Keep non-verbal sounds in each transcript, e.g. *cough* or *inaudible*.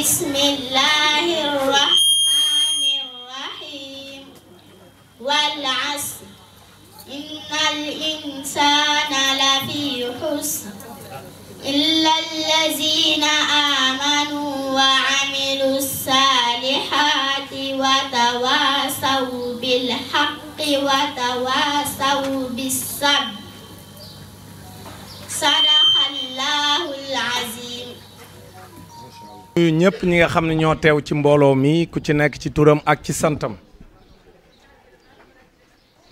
بسم الله الرحمن الرحيم والعصر إن الإنسان لفي حسن إلا الذين آمنوا وعملوا الصالحات وتواصوا بالحق وتواصوا بالصبر صدق الله العزيز nuyu ñëpp ñi nga xam ne ñoo teew ci mbooloo mii ku ci nekk ci turam ak ci santam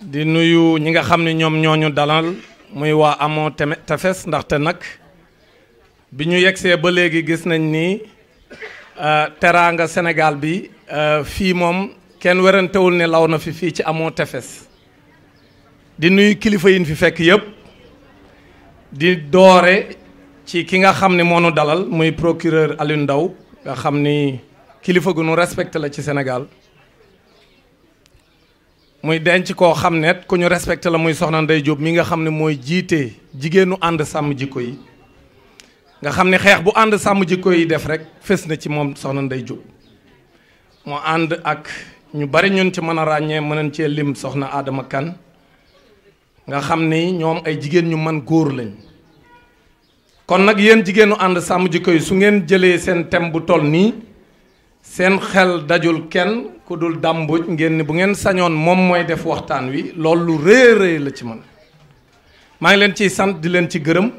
di nuyu ñi nga xam ne ñoom ñoo ñu dalal muy waa amoo tefes ndaxte nag bi ñu yegsee ba léegi gis nañ ni euh, teraanga Sénégal bi euh, fii moom kenn werantewul ne law na fi fii ci amoo tefes di nuyu kilifa yin fi fekk yëpp di doore ci ki nga xamni mo nu dalal muy procureur Aliou Ndaw nga xamni ni kilifa gu nu respect la ci Sénégal muy denc ko xamne ne ku ñu la muy soxna ndey Diop mi nga xam moy jité jiite jigéenu ànd sàmm jikko yi nga xam xex bu and sam jikko yi def rek fess na ci mom soxna ndey Diop mo and ak ñu bari ñun ci mëna a mënañ ci lim soxna Adama Kane nga xam ni ay jigéen ñu man goor lañ kon nak yeen jigenu and sam ji koy su ngeen jele sen tem bu tol ni sen xel dajul ken ku dul dàmbuj ngeen ni bu ngeen sañon mom moy def waxtan wi lolou re re la ci man ma ngi len ci sante di len ci gërëm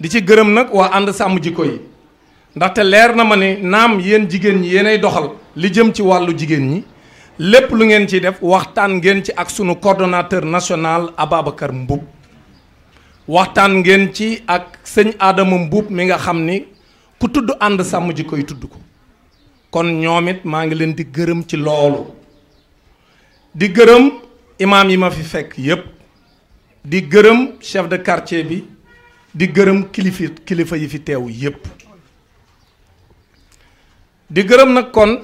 di ci nak wa and sam ji koy ndax te leer na mané nam yeen jigen ñi yeenay doxal li jëm ci walu jigen ñi lepp lu ngeen ci def waxtan ngeen ci ak sunu coordonnateur national ababakar mbub waxtaan ngeen ci ak sëñ Adama Mbuub mi nga xam ni ku tudd ànd sàmm ji koy tudd ko kon ñoom it maa ngi leen di gërëm ci loolu di gërëm imaam yi ma fi fekk yépp di gërëm chef de quartier bi di gërëm kilifi kilifa yi fi teew yépp di gërëm nag kon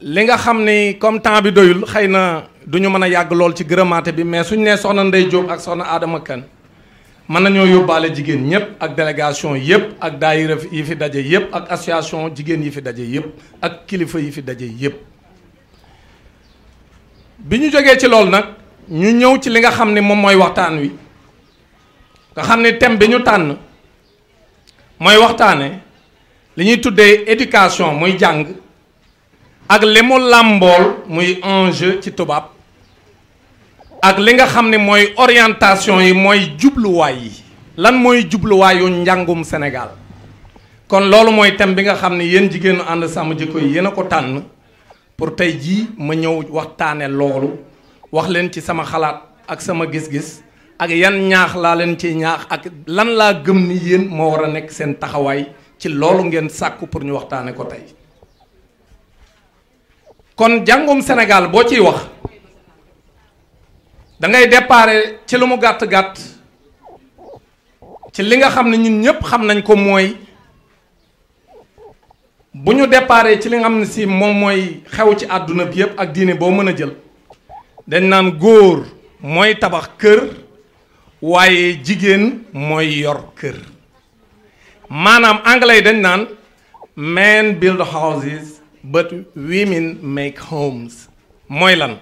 li nga xam ni comme temps bi doyul xëy na duñu mën a yàgg lool ci gërëmaate bi mais suñ nee soxna Ndey Jóob ak soxna aadama Kane mën nañoo yóbbaale jigéen ñëpp ak délégation yëpp ak daayira yi fi daje yëpp ak association jigéen yi fi daje yëpp ak kilifa yi fi daje yëpp bi ñu jógee ci loolu nag ñu ñëw ci li nga xam ne moom mooy waxtaan wi nga xam ne thème bi ñu tànn mooy waxtaane li ñuy tuddee éducation muy jàng ak li mu làmbool muy enjeu ci tubaab ak li nga xam moy orientation yi mooy jubluwaay yi lan mooy yu njangum Senegal. kon lolu moy tem bi nga xam yeen yéen and sam sàmm jikko yi yena ko tan pour tay ji ma ñew waxtane lolu wax len ci sama xalaat ak sama gis-gis ak yan ñaax la len ci ñaax ak lan la gëm ni yeen mo wara nek sen taxaway ci lolu ngeen sakku pour ñu waxtane ko tay kon jangum Senegal bo wak. wax da ngay déparé ci lu mu gàtt gàtt ci li nga xam ne ñun ñëpp xam nañ ko mooy bu ñu déparé ci li nga xam ne si moom mooy xew ci àdduna bi yëpp ak diine boo mën a jël dañ naan góor mooy tabax kër waaye jigéen mooy yor kër maanaam anglais yi dañ naan men build houses but women make homes mooy lan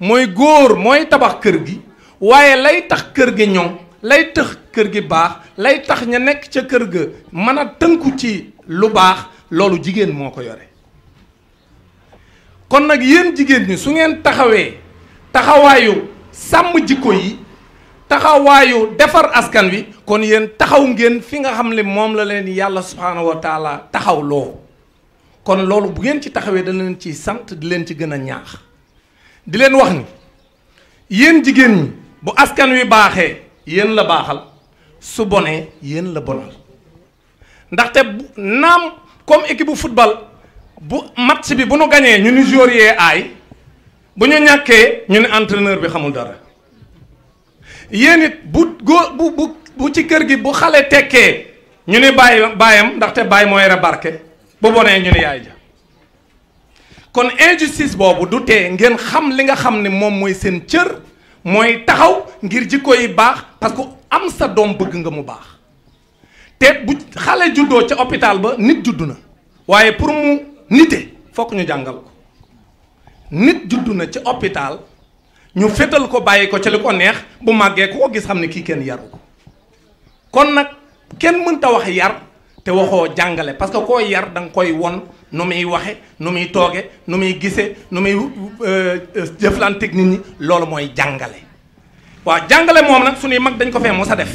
moy góor moy tabax keur gi waye lay tax keur gi ñong lay tax keur gi bax lay tax ña nek ci keur ga mana teunku ci lu bax lolu jigen moko kon nak yeen jigen ni su ngeen taxawé taxawayu sam jikko yi taxawayu defar askan wi kon yeen taxaw ngeen fi nga xam mom la leen yalla subhanahu wa taala taxaw lo kon lolu bu ngeen ci taxawé da leen ci sante di leen ci gëna ñaax di leen wax ni yéen jigéen ñi bu askan wi baaxee yéen la baaxal su bonee yéen la bonal ndaxte naam comme équipe bu football bu match bi bu nu gañee ñu ni joueur yee aay bu ñu ñàkkee ñu ne entraîneur bi xamul dara yéen it bu góor bu bu bu ci kër gi bu xale tekkee ñu ni bàyyi baayam ndaxte bàyyi moo yore barke bu bonee ñu ni yaay ja kon injustice boobu du tee ngeen xam li nga xam ne moom mooy seen cër mooy taxaw ngir jikko koy baax parce que am sa doom bëgg nga mu baax te bu xale juddoo ca hôpital ba nit juddu na waaye pour mu nite fokk ñu jàngal ko nit juddu na ca hôpital ñu fétal ko bàyyi ko ca li ko neex bu màggee ku ko gis xam ne kii kenn yaru ko kon nag kenn mënta wax yar te waxoo jàngale parce que koo yar danga koy won nu muy waxe nu muy tooge nu muy gisee nu muy euh, euh, jëflanteeg nit ñi loolu mooy jàngale waa jàngale moom nag suñuy mag dañ ko fee mos a def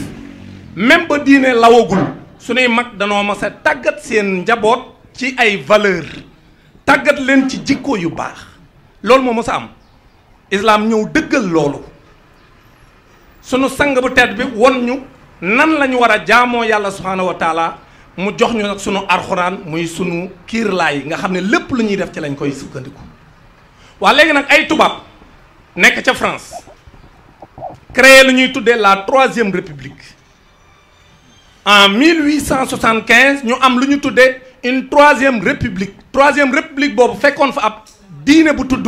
même ba diine lawagul suñuy mag danoo mos a tàggat seen njaboot ci ay valeur tàggat leen ci jikko yu baax loolu moo mos a am islaam ñëw dëggal loolu sunu sang bu tedd bi won ñu nan lañu ñu war a jaamoo yàlla subhaanahu wa mu jox ñu nak sunu alcorane muy sunu kiirlaay yi nga xamne lepp lépp lu ñuy def ci lañ koy sukkandiku wa léegi nak ay tubab nek ca France créé lu ñuy tuddee la troisième république en 1875 ñu am lu ñu tuddee une troisième république 3 troisième république bobu fekkon fa ab diiné bu tudd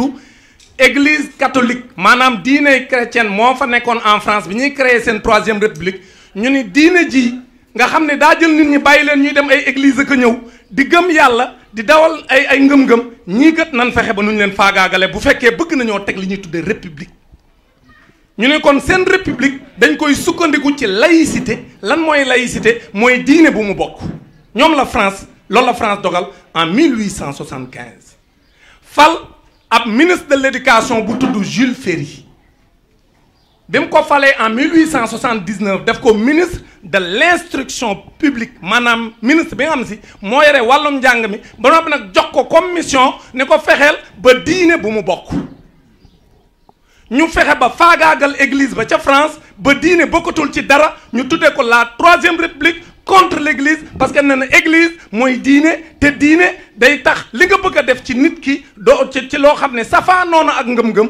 église catholique manam diiné chrétienne mo fa nekkon en France bi ñuy créé 3 troisième république ñu ni diiné ji nga xam da jël nit ñi ñuy dem ay église ñew di gëm yalla di dawal ay ay ngëm-ngëm ñi kat nan fexé ba leen bu li ñuy république. ñu né kon sen république dañ koy sukkandiku ci laïcité lan moy laïcité bu mu la France la France en 1875 fal ab ministre de l'éducation bu tuddu Jules Ferry bi ko falee en 1879 def ko ministre de l'Instruction publique manam ministre bi nga xam si moo yore wàllum njàng mi ba noppi nag jox ko commission ne ko fexel ba diine bu mu ñu fexé ba fagagal église ba ci France ba diine bokkatul ci dara ñu tuddee ko la troisième république contre l'église, parce que nee église moy diine té diine day tax li nga bëgg def ci nit ki do ci lo xamné safa nono ak ngëm-ngëm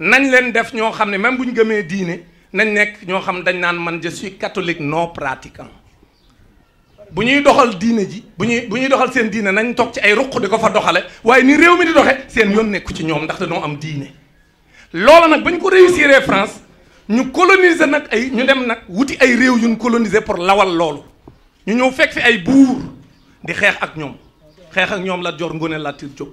nañ leen def ñoo xam ne même bu ñu gëmee diine nañ nekk ñoo xam dañ naan man je suis catholique non pratiquant bu ñuy doxal diine ji bu ñuy bu ñuy doxal seen diine nañ toog ci ay ruq di ko fa doxale waaye ni réew mi di doxe seen yoon nekku ci ñoom ndax noo am diine loola nag ba ñu ko réussiree France ñu coloniser nag ay ñu dem nag wuti ay réew yuñ coloniser pour lawal loolu ñu ñëw fekk fi ay buur di xeex ak ñoom xeex ak ñoom Lat Joor Ngoone Latiir Jóob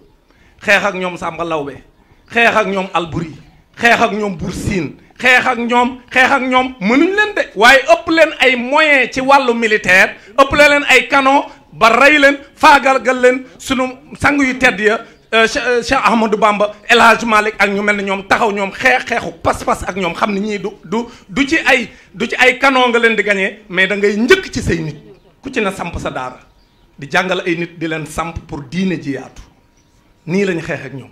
xeex ak ñoom Sàmba Lawbe xeex ak ñoom Alburi xeex ak ñoom Buur Siin xeex ak ñoom xeex ak ñoom mënuñ leen de waaye ëpp leen ay moyens ci wàllu militaire ëpp leen ay canon ba rey leen faagagal leen sunu sang yu tedd ya euh, euh, Cheikh Ahmadou Bamba El Hadj ak ñu mel ne ñoom taxaw ñoom xeex xeexu pas-pas ak ñoom xam ne ñii du du ci ay du ci ay canon nga leen di gañee mais da ngay njëkk ci say nit ku ci na samp sa daara di jàngal ay nit di leen samp pour diine ji yaatu nii lañ xeex ak ñoom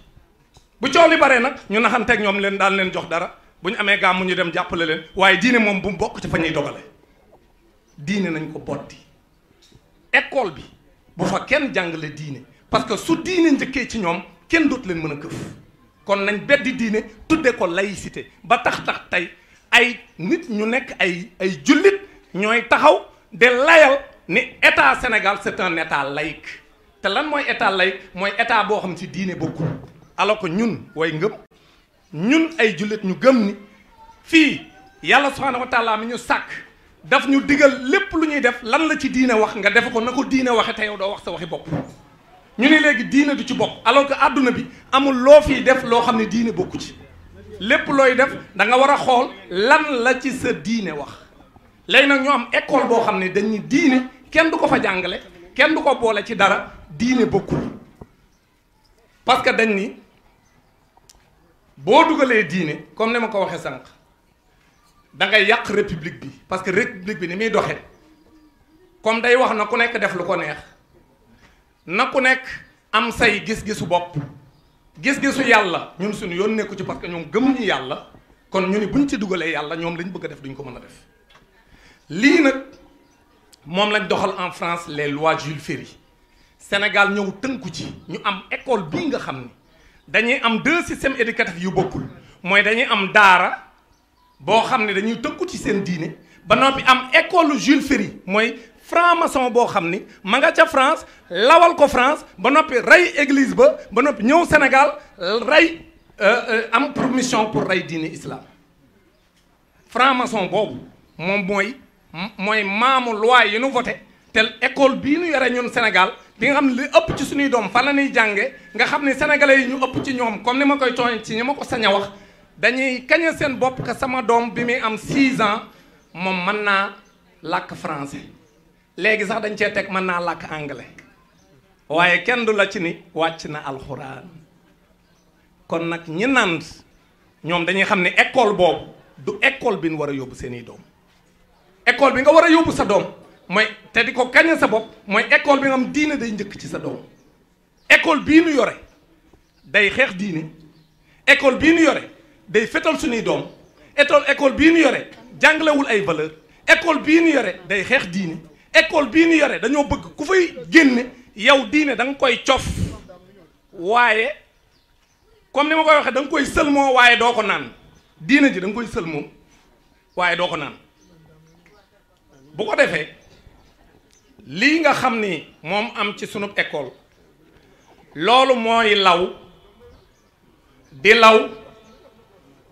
bu coow li bare nag ñu naxanteeg ñoom leen leen jox dara bu ñu amee ñu dem leen bu école bi bu fa kenn parce que su diine njëkkee ci ñoom kenn leen a kon nañ beddi ko laïcité ba tax tax tey ay nit ñu ay ay de layal ni état Sénégal c'est un état laïque te lan état état alors que ñun way ngëm ñun ay jullit ñu gëm ni fii yàlla subhaanahu wa taala mi ñu sàkk daf ñu digal lépp lu ñuy def lan la ci diine wax nga def ko na ko diine waxe te yow doo wax sa waxi bopp ñu ne léegi diine du ci bokk alors que àdduna bi amul loo fii def loo xam ne diine bokku ci lépp looy def da nga war a xool lan la ci sa diine wax léegi nag ñu am école boo xam ne dañuy diine kenn du ko fa jàngale kenn du ko boole ci dara diine bokkul parce que dañ ni bo dugalee diine comme ni ko waxee sank da ngay yak république bi parce que république bi ni mi doxé comme day wax na ku nek def lu ko neex na ku nek am say gis-gisu bop gis-gisu yalla ñun suñu yoon nekku ci parce que gëm ñu yalla kon ñu ni buñ ci dugalee yalla ñom lañ bëgg def duñ ko mëna def li nak mom lañ doxal en France les lois Jules Ferry Sénégal ñëw teunku ci ñu am école bi nga xamni dañuy am deux systèmes éducatifs yu bokul moy dañuy am daara bo xam dañuy tënku ci seen ba nopi am école Jules Ferry moy franc-maçon bo xam ma nga ca France lawal ko France ba nopi ray église ba ba nopi ñew Sénégal euh, euh, am permission pour ray diine islam franc-maçon bobu mom mooy moy mamu loi yi nu voté te école bii ñu yore ñun senegal bi nga xam ne ëpp ci suñuy doom fan la ñuy jànge nga xam ne sénégalais yi ñu ëpp ci ñoom comme ni ma koy tooñ ci ñi ma ko sañ wax dañuy kañe seen bopp que sama doom bi muy am 6 ans moom mën naa làkk français léegi sax dañ cee teg mën naa làkk anglais waaye kenn du la ci ni wàcc na alxuraan kon nag ñi naan ñoom dañuy xam ne école boobu du école bi nu war a yóbbu seeni doom école bi nga war a yóbbu sa doom mooy te di ko gañe sa bopp mooy école bi nga xam diine day njëkk ci sa doom école bii nu yore day xeex diine école bii nu yore day fetal suñuy doom école école bii nu yore jàngalewul ay valeur école bii nu yore day xeex diine école bii nu yore dañoo bëgg ku fay génne yow diine da nga koy cof waaye comme ni ma koy waxee danga nga koy sëlmoo waaye doo ko naan diine ji da nga koy sëlmoo waaye doo ko naan bu ko defee li nga xamni mom am ci sunu école lolu moy law di law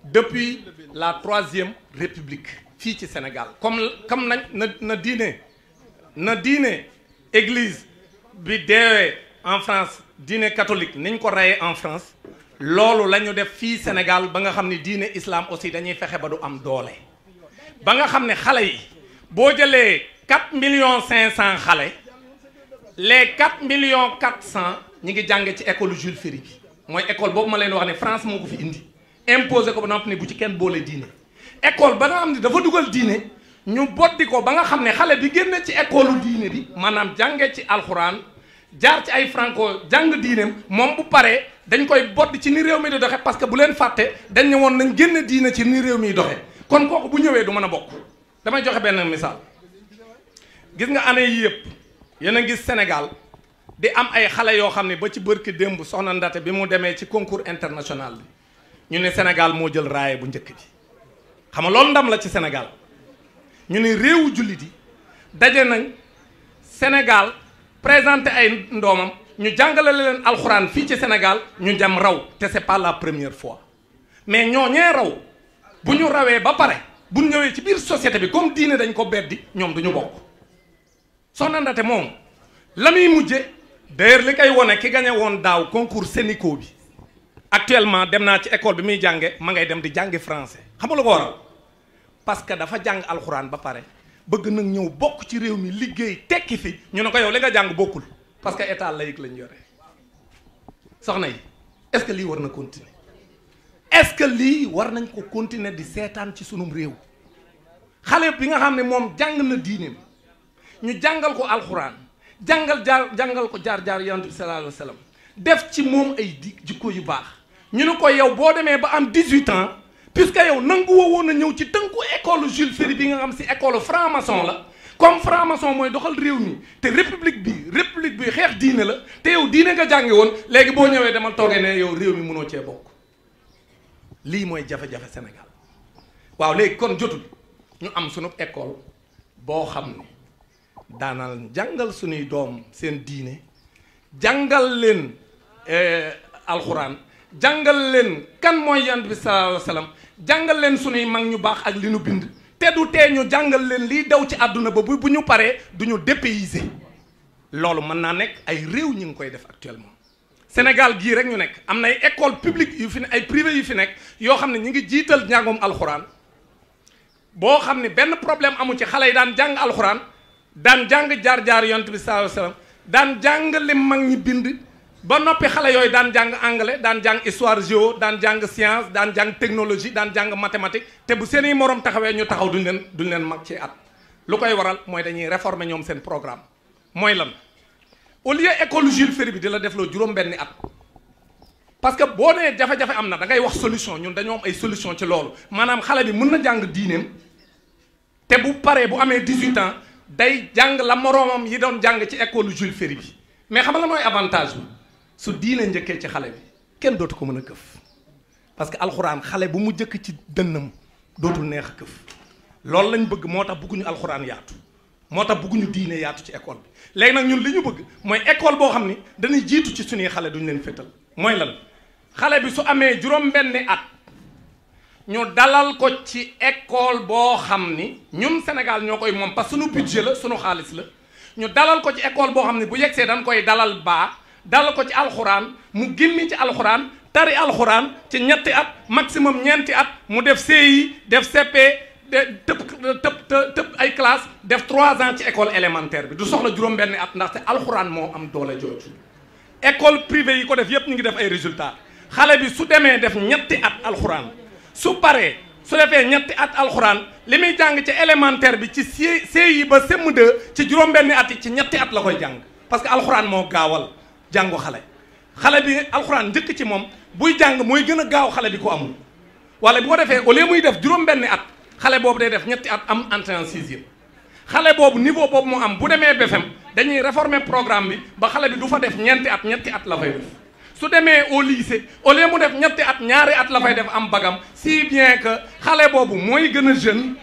depuis la troisième république fi ci Sénégal comme comme na na diné na diné église bi déwé en France diné catholique niñ ko rayé en France lolu lañu de def fi Sénégal ba nga xamni diné islam aussi dañuy fexé ba du am doolé ba nga xam xalé yi bo 4 millions 500 les 4 millions 400 ñi ngi jàng ci école Jules Ferry bi école bobu ma leen wax né France moko fi indi imposé ko bu ci kenn Bolé diiné école ba nga xam dafa duggal diiné ñu ko ba nga xam bi ci école diiné bi Manam jàngé ci alcorane jaar ci ay franco jàng diiné bu dañ koy ni réew parce que bu leen dañ ne nañ ci ni réew mi doxé kon bu gis nga année yii yëpp yéen a ngi Sénégal di am ay xale yoo xam ne ba ci bërki démb soxna Ndate bi mu demee ci concours international bi ñu ne Sénégal moo jël raaye bu njëkk ji xam nga loolu ndam la ci Sénégal ñu ne réewu jullit yi daje nañ Sénégal présenté ay ndoomam ñu jàngale leen alxuraan fii ci Sénégal ñu dem raw te c'est pas la première fois mais ñooñee raw bu ñu rawee ba pare bu ñëwee ci biir société bi comme diine dañ ko beddi ñoom du bokk. soxna Ndate moom la muy mujje d'ailleurs li koy wone ki gañe woon daaw concours Sénico bi actuellement dem naa ci école bi muy jànge ma ngay dem di jàngi français xam nga lu ko waral parce que dafa jàng alxuraan ba pare bëgg nag ñëw bokk ci réew mi liggéey tekki fi ñu ne ko yow li nga jàng bokkul parce que état laïque lañu yore soxna yi est-ce que lii war na continuer est-ce que lii war nañ ko continuer di seetaan ci sunum réew xale bi nga xam ne moom jàng na diine ñu jàngal ko alxuraan jàngal jaar jàngal ko jaar jaar yonent bi sallallahu alayhi def ci moom ay di jikko yu baax ñu ne ko yow boo demee ba am 18 ans puisque yow nangu woo woon a ñëw ci tënku école Jules Ferry bi nga xam si école franc-maçon la comme franc-maçon mooy doxal réew mi te république bi république bi xeex diine la te yow diine nga jàngi woon léegi boo ñëwee dama toogee nee yow réew mi mënoo cee bokk lii mooy jafe-jafe senegal waaw léegi kon jotul ñu am sunu école boo xam ne daanal jàngal suñuy doom seen diine jàngal leen eh, alxuraan jàngal leen kan mooy yant bi sallallahu alayhi jàngal leen suñuy mag ñu baax ak li ñu bind te du tee ñu jàngal leen liy daw ci àdduna ba bu bu ñu paree du ñu dépayser loolu mën naa nekk ay réew ñu ngi koy def actuellement Sénégal gii rek ñu nekk am na ay école publique yu fi ne ay privé yu fi nekk yoo xam ne ñu ngi jiital njàngum alxuraan boo xam ne benn problème amu ci xale yi daan jàng alxuraan daan jàng jaar-jaar yonent bi sallallahu alayhi wasallam daan jàng li mag ñi bind ba noppi xale yooyu daan jàng anglais daan jàng histoire géo daan jàng science daan jàng technologie daan jàng mathématique te bu seeni moroom taxawee ñu taxaw duñ leen duñ leen mag ci at lu koy waral mooy dañuy réformer ñoom seen programme mooy lan au lieu école Jules Ferry bi di la defloo juróom-benni at parce que boo nee jafe-jafe am na da ngay wax solution ñun dañoo am ay solution ci loolu maanaam xale bi mën na jàng diineem te bu paree bu amee 18 ans day jàng la moroomam yi doon jàng ci école Jules Ferry bi mais xam la mooy avantage bi su diine njëkkee ci xale bi kenn dootu ko mën a këf parce que alxuraan xale bu mu jëkk ci dënnam dootul neex a këf loolu lañ bëgg moo tax bëgguñu alxuraan yaatu moo tax bëgguñu diine yaatu ci école bi léegi nag ñun li ñu bëgg mooy école boo xam ni dañuy jiitu ci suñuy xale duñu leen fétal mooy lan xale bi su amee juróom-benni at ñu dalal ko ci ecole boo xam ni ñun Sénégal ñoo koy moom parce que suñu budget la sunu xaalis la ñu dalal ko ci école boo xam ne bu yegsee dañ koy dalal baa dalal ko ci alxuraan mu génn ci alxuraan tari alxuraan ci ñetti at maximum ñeenti at mu def CI def CP de tëb tëb tëb ay classe def trois ans ci école élémentaire bi du soxla juróom-benn at ndaxte alxuraan moo am doole jooju école privée yi ko def yépp ñu ngi def ay résultats xale bi su demee def ñetti at alxuraan su paree su defee ñetti at alxuraan li muy jàng ci élémentaire bi ci yi ba CM2 ci juróom-benni at yi ci ñetti at la koy jàng parce que alxuraan moo gaawal jàngu xale xale bi alxuraan njëkk ci moom buy jàng mooy gën a gaaw xale bi ko amul wala bu ko defee au lieu muy def juróom-benni at xale boobu day def ñetti at am entrée en sixième xale boobu niveau boobu mu am bu demee BFEM dañuy réformer programme bi ba xale bi du fa def ñeenti at ñetti at la su au lycée au lieu mu def ñetti at ñaari at la fay def si bien que xale boobu mooy gën jeune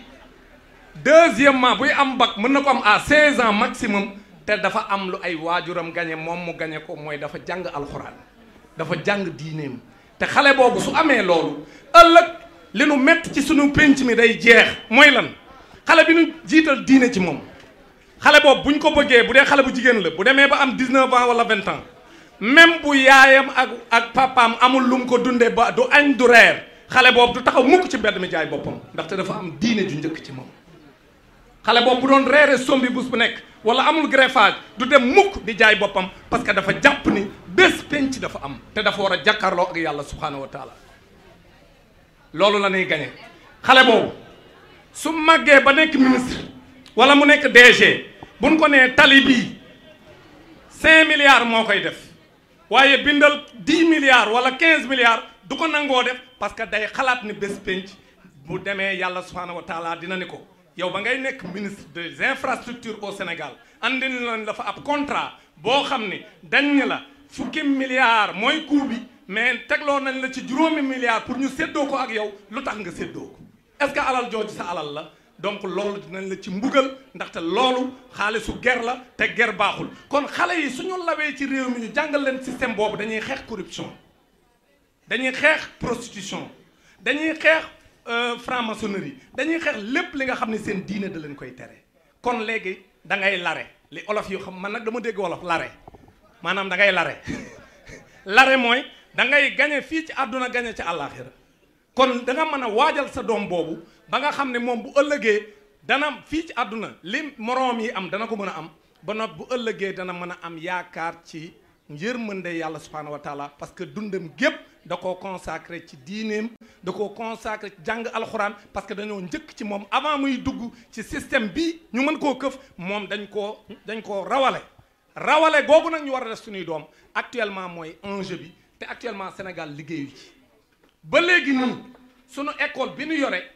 deuxièmement buy am mën à 16 ans maximum te dafa am lu ay waajuram gagné moom mu gagné ko mooy dafa jàng alxuraan dafa jàng diineem te xale boobu su amee loolu ëllëg li nu ci mi day jeex mooy lan xale bi nu jiital ci moom xale boobu buñ ko bëggee bu dee xale bu jigéen la bu demee ba am 19 ans wala 20 ans. même bu yaayam ak ak papaam amul lu mu ko dundee ba du añ du reer xale boobu du taxaw mukk ci mbedd mi jaay boppam ndaxte dafa am diine ju njëkk ci moom xale boobu bu doon reere sombi bus bu nekk wala amul greffage du dem mukk di jaay boppam parce que dafa jàpp ni bés ci dafa am te dafa war a jàkkaarloo ak yàlla subhaanahu wa taala loolu la ñuy gañe xale boobu su màggee ba nekk ministre wala mu nekk bu buñ ko nee tali bii cinq milliards moo koy def waaye bindal 10 milliards wala quinze milliards du ko nangoo def parce que day xalaat ni bés penc bu demee yàlla subhaanahu wa taala dina ni ko yow ba ngay nekk ministre des infrastructures au Sénégal andi nañ la fa ab contrat boo xam ni dañ la fukki milliards mooy coût bi mais tegloo nañ la ci juróomi milliards pour ñu séddoo ko ak yow lu tax nga séddoo ko est-ce que alal jooju sa alal la. donc loolu dinañ la ci mbugal ndaxte loolu xaalisu ger la te ger baaxul kon xale yi suñu lawee ci réew mi ñu jàngal leen système boobu dañuy xeex corruption dañuy xeex prostitution dañuy xeex euh, franc-maçonnerie dañuy xeex lépp li nga xam ne seen diine da leen koy tere kon léegi dangay lare li olof yoo xam man nag dama dégg wolof lare maanaam da ngay lare *laughs* lare mooy da ngay gañe fii ci àdduna gañe ci àllaaxira kon da nga mën a waajal sa doom boobu ba nga xam ne moom bu ëllëgee dana fii ci àdduna li moroom yi am dana ko mën a am ba nopp bu ëllëgee dana mën a am yaakaar ci yërmande yàlla subhaanahu wa taala parce que dundam gépp da koo consacré ci diineem da koo consacré ci jàng alxuraan parce que dañoo njëkk ci moom avant muy dugg ci système bi ñu mën koo këf moom dañ koo dañ koo rawale rawale googu nag ñu war a def suñuy doom actuellement mooy enjeu bi te actuellement Sénégal liggéeyu ci ba léegi nii école bi ñu yore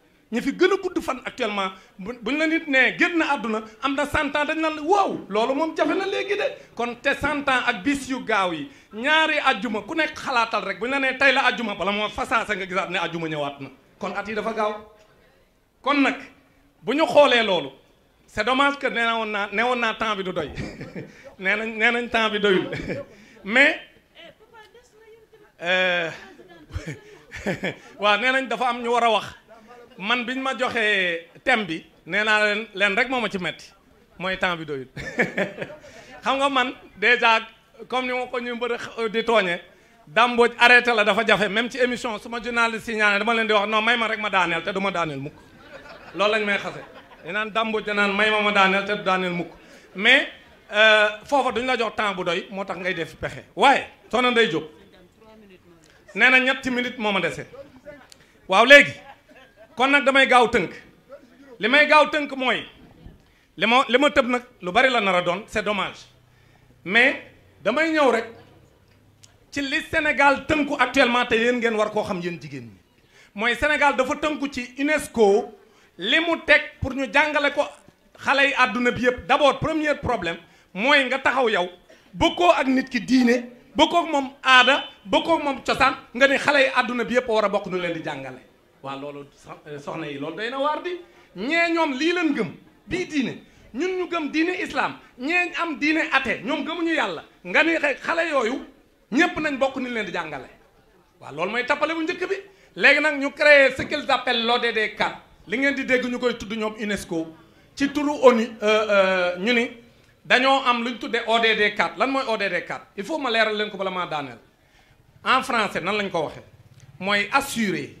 ñi fi gën a gudd fan actuellement bu buñ la nit nee génn na àdduna am na cent ans dañ naan waaw loolu moom jafe na léegi de kon te cent ak bis yu gaaw yi ñaari ajjuma ku nekk xalaatal rek buñ la nee tey la ajjuma bala moo fasaasa nga gisaat ne ajjuma ñëwaat na kon at yi dafa gaaw kon nag bu ñu xoolee loolu c'est dommage que nee woon naa nee woon naa temps bi du doy *laughs* nee nañ nee nañ temps bi doyul *laughs* mais euh, *laughs* waaw nee nañ dafa am ñu war a wax man bi ñu ma joxee thème bi nee naa leen leen rek moom ma ci metti mooy temps bi doy *laughs* xam nga man déjà comme ni ma ko ñu mbër di tooñee dàmbooj arrêté la dafa jafe même ci émission su ma journaliste yi ñaanee dama leen di wax non may ma rek ma daaneel te du ma daaneel mukk loolu lañ may xase di naan dàmbooj da naan may ma ma daaneel te du daaneel mukk mais euh, foofa duñ la jox temps bu doy moo tax ngay def pexe waaye soxna Ndeye Diop nee na ñetti minutes moo ma dese waaw kon nag damay gaaw tënk li may gaaw tënk mooy li ma li ma tëb nag lu bari la nar a doon c'est dommage mais damay ñëw rek ci li Sénégal tënku actuellement te yéen ngeen war koo xam yéen jigéen mi mooy Sénégal dafa tënku ci UNESCO li mu teg pour ñu jàngale ko xale yi àdduna bi yëpp d'abord premier problème mooy nga taxaw yow bokkoo ak nit ki diine bokkoo moom aada bokkoo ak moom cosaan nga ne xale yi àdduna bi yëpp war a bokk ñu leen di jàngale. waa loolu eh, soxna yi loolu day na waar di ñee ñoom lii leen gëm bii diine ñun ñu gëm diine islaam ñee am diine athée ñoom gëmuñu yàlla nga ni xale yooyu ñépp nañ bokk ni leen di jàngale waaw loolu mooy tappale bu njëkk bi léegi nag ñu créé ce qu'ils appellent de 4 li ngeen di dégg ñu koy tudd ñoom UNESCO ci turu ONU euh, euh, ñu ni dañoo am lu ñu tuddee ODD 4 lan mooy ODD 4 il faut ma leeral leen ko bala maa daaneel en français nan lañ ko waxee mooy assurer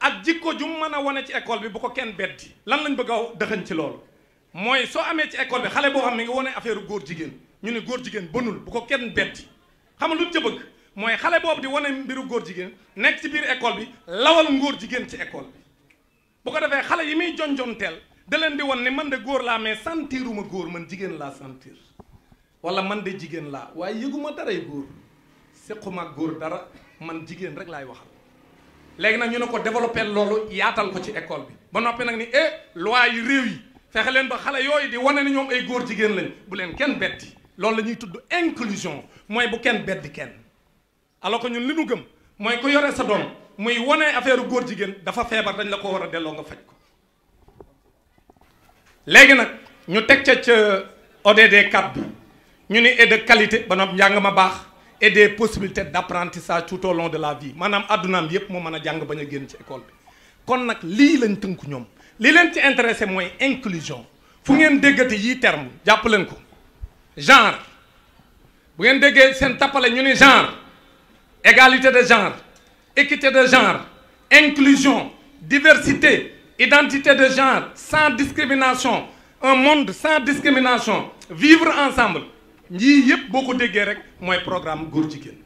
ak jikko ju mën a wane ci école bi bu ko kenn beddi lan lañ bëgg a dëxañ ci loolu mooy soo amee ci école bi xale boo xam ne ngi wane affaire góor jigéen ñu ne góor jigéen bonul bu ko kenn beddi xam nga lu ca bëgg mooy xale boobu di wane mbiru góor jigéen nekk ci biir école bi lawal ngóor jigéen ci école bi bu ko defee xale yi muy jonjonteel da leen di wan ne man de góor laa mais sentiruma góor man jigéen laa sentir wala man de jigéen laa waaye yëguma daray góor séquma góor dara man jigéen rek laay waxal léegi nag ñu ne ko développé loolu yaatal ko ci école bi ba noppi nag ni eh loi yu réew yi fexe leen ba xale yooyu di wane ni ñoom ay góor jigéen lañ bu leen kenn betti loolu la ñuy tudd inclusion mooy bu kenn beddi kenn alors ko ñun li nu gëm mooy ku yore sa doom muy wane affaire góor jigéen dafa feebar dañ la ko war a delloo nga faj ko léegi nag ñu teg ca ca ODD 4 bi ñu ni et de qualité ba noppi njàng ma baax et des possibilités d'apprentissage tout au long de la vie Madame Adunam, yep mo mën a jàng bañ ci école kon nak li lañ tënku ñom. li leen ci intéressé mooy inclusion fu ngeen déggate yi terme jàpp termes. ko genre bu ngeen sen tapalé ñu ni genre égalité de genre équité de genre inclusion diversité identité de genre sans discrimination un monde sans discrimination vivre ensemble yii yëpp boo ko déggee rek mooy programme góor jigéen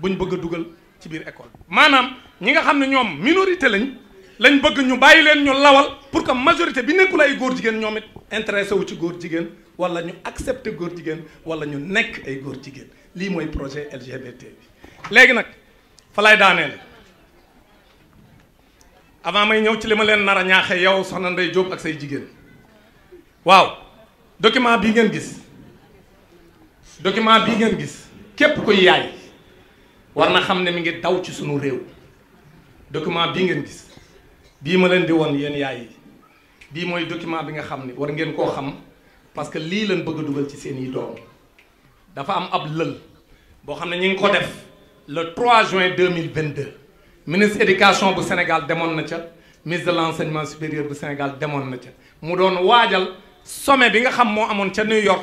buñ bëgg a dugal ci biir école maanaam ñi nga xam ne ñoom minorité lañ lañ bëgg ñu bàyyi leen ñu lawal pour que majorité bi nekkul ay góor jigéen ñoom it wu ci góor jigéen wala ñu accepté góor jigéen wala ñu nekk ay góor jigéen lii mooy projet LGBT léegi nag falaay lay daaneel avant may ñëw ci li ma leen nar a ñaaxee yow soxna Ndey Jóob ak say jigéen waaw document bii ngeen gis document bii ngeen gis képp koy yaay war na xam ne mu ngi daw ci sunu réew document bi ngeen gis bii ma leen di won yéen yaay yi bii mooy document bi nga xam ne war ngeen koo xam parce que lii leen bëgg a dugal ci seen yi doom dafa am ab lël boo xam ne ñu ngi ko def le 3 juin deux ministre éducation bu Sénégal demoon na ca mise de l'enseignement supérieur bu Sénégal demoon na ca mu doon waajal sommet bi nga xam moo amoon ca New York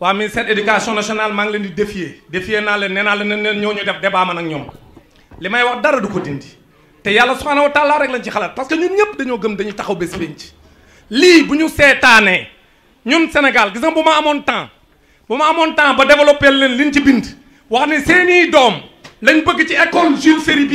min de éducation nationale je leen di défier défier défié, nous nee défié, ne défié, ñu def débat ko dindi te wa taala rek parce que ñun gëm dañuy taxaw sétané, ñun Sénégal gis nga bu ma temps bu ma temps ba leen liñ ci Jules Ferry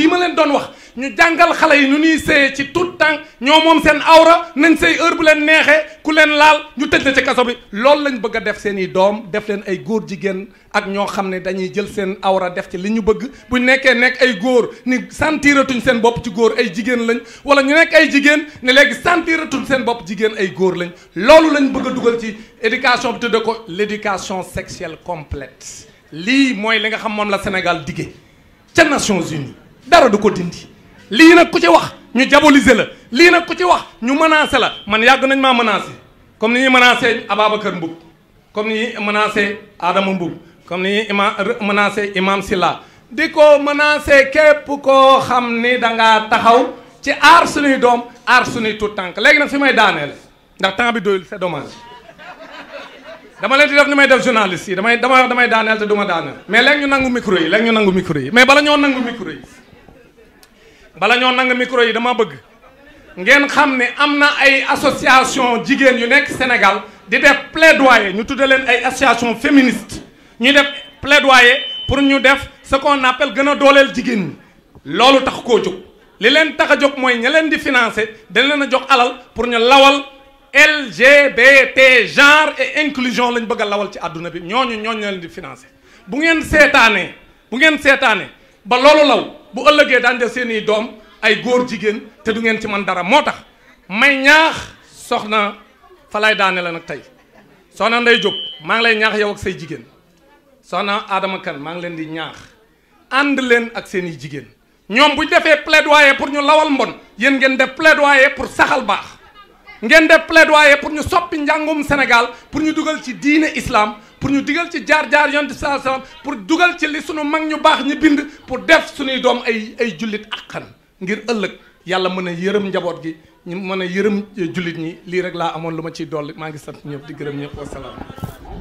ñu jàngal xale yi ñu nuy sëye ci tout temps ñoo moom seen awra nañ sey heure bu leen neexee ku leen laal ñu tëj la ci kaso bi loolu lañ bëgg def seeni doom def leen ay góor jigéen ak ñoo xam ne dañuy jël seen awra def ci li ñu bëgg bu nekkee nekk ay góor ni sentiratuñ seen bopp ci góor ay jigéen lañ wala ñu nekk ay jigéen ne léegi sentiratuñ seen bopp jigéen ay góor lañ loolu lañ bëgg dugal ci éducation bi tudde ko l'éducation sexuelle complète lii mooy li nga xam moom la Sénégal diggee ca Nations Unies dara lii nag ku ci wax ñu diaboliser la lii nag ku ci wax ñu menacer la man yàgg nañ maa menacer comme ni ñuy menacer Ababacar Mboup comme ni ñuy menacer Adama Mboup comme ni ñuy ima menacer Imam Silla di ko menacer képp koo xam ni da taxaw ci aar suñuy doom aar suñuy tout tànk léegi nag fi may daaneel ndax temps bi doyul c'est dama leen di def ni may def journaliste yi damay damay damay daaneel te du ma daaneel mais léegi ñu nangu micro yi léegi ñu nangu micro yi mais bala bala ñoo nang micro yi dama bëgg ngeen xam ne am na ay association jigéen yu nekk Sénégal di def plaidoyer ñu tudde leen ay association féministe ñu def plaidoyer pour ñu def ce qu'on appelle gën a dooleel jigéen ñi loolu tax koo jóg li leen tax a jóg mooy ña leen di financer dañ leen a jox alal pour ñu lawal LGBT genre et inclusion lañ bëgg a lawal ci àdduna bi ñooñu ñooñu leen di financer bu ngeen seetaanee bu ngeen seetaanee ba lolo law bu ëllëgé daan def seeni doom ay goor jigen te du ngeen ci man dara motax may ñaax soxna fa lay daane la nak tay soxna ndey Diop ma ngi lay ñaax yow ak say jigen soxna Adama kan ma ngi leen di ñaax and leen ak seen jigen ñom buñ bu plaidoyer pour ñu lawal mbon yeen ngeen def plaidoyer pour saxal baax ngeen def plaidoyer pour ñu soppi njangum Sénégal pour ñu dugal ci diine islam pour ñu digal ci jaar-jaar yonent bi sallallahu pour dugal ci li sunu mag ñu baax ñu bind pour def suñuy doom ay ay jullit akkan ngir ëllëg yàlla mën a yërëm njaboot gi ñu mën a yërëm jullit ñi lii rek laa amoon lu ma ciy dolli maa ngi sant ñëpp di gërëm ñëpp wasalaam